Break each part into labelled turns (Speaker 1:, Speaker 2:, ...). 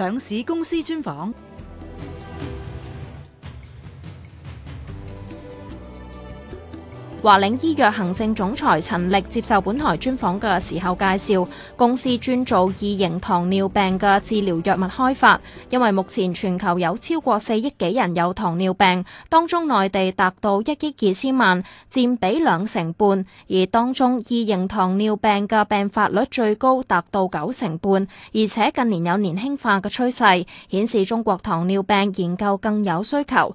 Speaker 1: 上市公司專訪。華領醫藥行政總裁陳力接受本台專訪嘅時候介紹，公司專做二型糖尿病嘅治療藥物開發，因為目前全球有超過四億幾人有糖尿病，當中內地達到一億二千萬，佔比兩成半，而當中二型糖尿病嘅病發率最高達到九成半，而且近年有年輕化嘅趨勢，顯示中國糖尿病研究更有需求。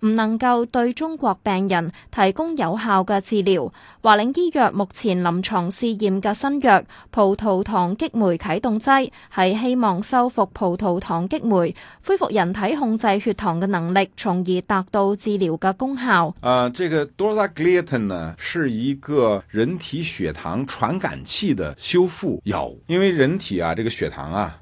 Speaker 1: 唔能夠對中國病人提供有效嘅治療。華領醫藥目前臨床試驗嘅新藥葡萄糖激酶啟動劑，係希望修復葡萄糖激酶，恢復人體控制血糖嘅能力，從而達到治療嘅功效。
Speaker 2: 啊、呃，這個 Dorzagliatin 呢，是一個人體血糖傳感器的修復藥物，因為人體啊，這個血糖啊。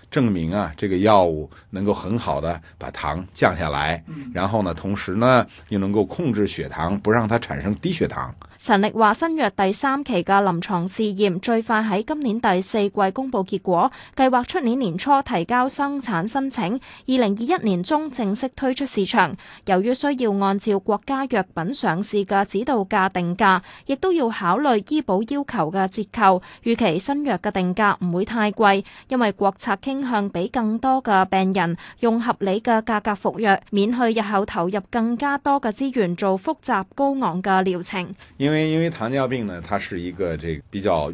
Speaker 2: 證明啊，這個藥物能夠很好的把糖降下來，嗯、然後呢，同時呢又能夠控制血糖，不讓它產生低血糖。
Speaker 1: 陳力話，新藥第三期嘅臨床試驗最快喺今年第四季公布結果，計劃出年年初提交生產申請，二零二一年中正式推出市場。由於需要按照國家藥品上市嘅指導價定價，亦都要考慮醫保要求嘅折扣，預期新藥嘅定價唔會太貴，因為國策傾。向俾更多嘅病人用合理嘅價格服藥，免去日後投入更加多嘅資源做複雜高昂嘅療程。
Speaker 2: 因為因為糖尿病呢，它是一個這個比較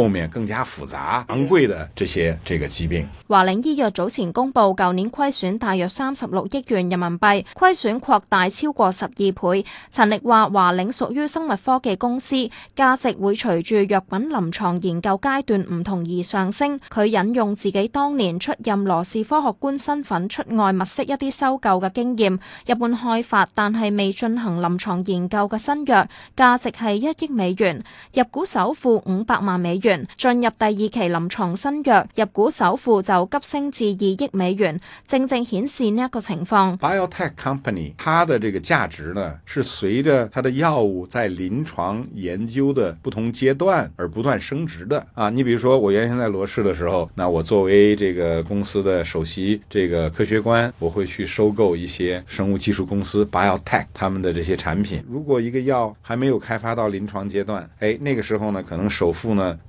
Speaker 2: 後面更加複雜、昂貴的這些這個疾病。
Speaker 1: 華領醫藥早前公布，舊年虧損大約三十六億元人民幣，虧損擴大超過十二倍。陳力話，華領屬於生物科技公司，價值會隨住藥品臨牀研究階段唔同而上升。佢引用自己當年出任羅氏科學官身份出外物色一啲收購嘅經驗，日本開發但係未進行臨牀研究嘅新藥，價值係一億美元，入股首付五百萬美元。元進入第二期臨床新藥，入股首付就急升至二億美元，正正顯示呢一個情況。
Speaker 2: Biotech company，它的這個價值呢，是隨着它的藥物在臨床研究的不同階段而不斷升值的。啊，你比如說我原先在羅氏的時候，那我作為這個公司的首席這個科學官，我會去收購一些生物技術公司，biotech，他們的這些產品。如果一個藥還沒有開發到臨床階段，誒、哎，那個時候呢，可能首付呢。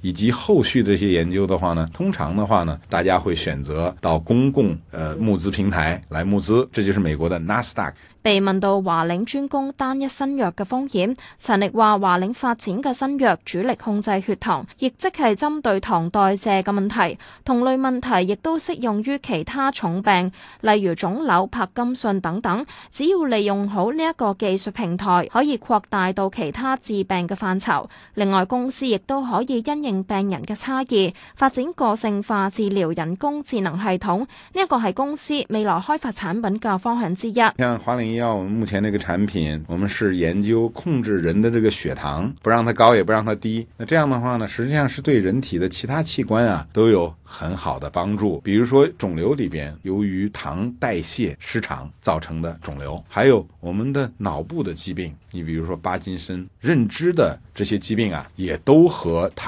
Speaker 2: 以及後續這些研究的話呢，通常的話呢，大家會選擇到公共呃募資平台來募資，這就是美國的納斯達
Speaker 1: 克。被問到華領專攻單一新藥嘅風險，陳力話：華領發展嘅新藥主力控制血糖，亦即係針對糖代謝嘅問題。同類問題亦都適用於其他重病，例如腫瘤、帕金遜等等。只要利用好呢一個技術平台，可以擴大到其他治病嘅範疇。另外，公司亦都可以。因應病人嘅差異，發展個性化治療人工智能系統，呢、這、一個係公司未來開發產品嘅方向之一。像
Speaker 2: 華領醫藥，我們目前呢個產品，我們是研究控制人的這個血糖，不讓它高也不讓它低。那這樣的話呢，實際上是對人體的其他器官啊都有很好的幫助。比如說腫瘤裏邊，由於糖代謝失常造成的腫瘤，還有我們的腦部的疾病，你比如說帕金森、認知的這些疾病啊，也都和糖。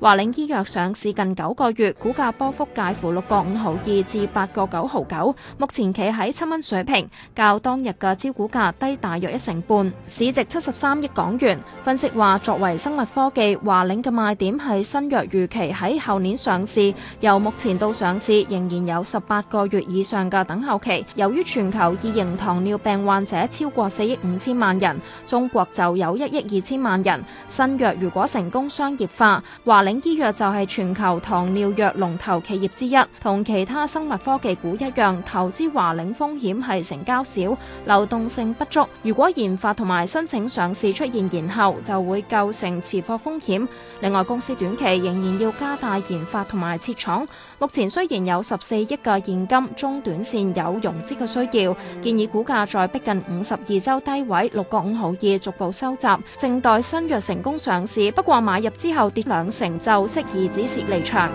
Speaker 1: 華領醫藥上市近九個月，股價波幅介乎六個五毫二至八個九毫九，目前企喺七蚊水平，較當日嘅招股價低大約一成半，市值七十三億港元。分析話，作為生物科技，華領嘅賣點係新藥預期喺後年上市，由目前到上市仍然有十八個月以上嘅等候期。由於全球二型糖尿病患者超過四億五千萬人，中國就有一億二千萬人，新藥如果成功商業化，華領。領醫藥就係全球糖尿藥龍頭企業之一，同其他生物科技股一樣，投資華領風險係成交少、流動性不足。如果研發同埋申請上市出現延後，就會構成持貨風險。另外，公司短期仍然要加大研發同埋設廠。目前雖然有十四億嘅現金，中短線有融資嘅需要。建議股價在逼近五十二周低位六個五毫二逐步收集，靜待新藥成功上市。不過買入之後跌兩成。就適宜止蝕離場。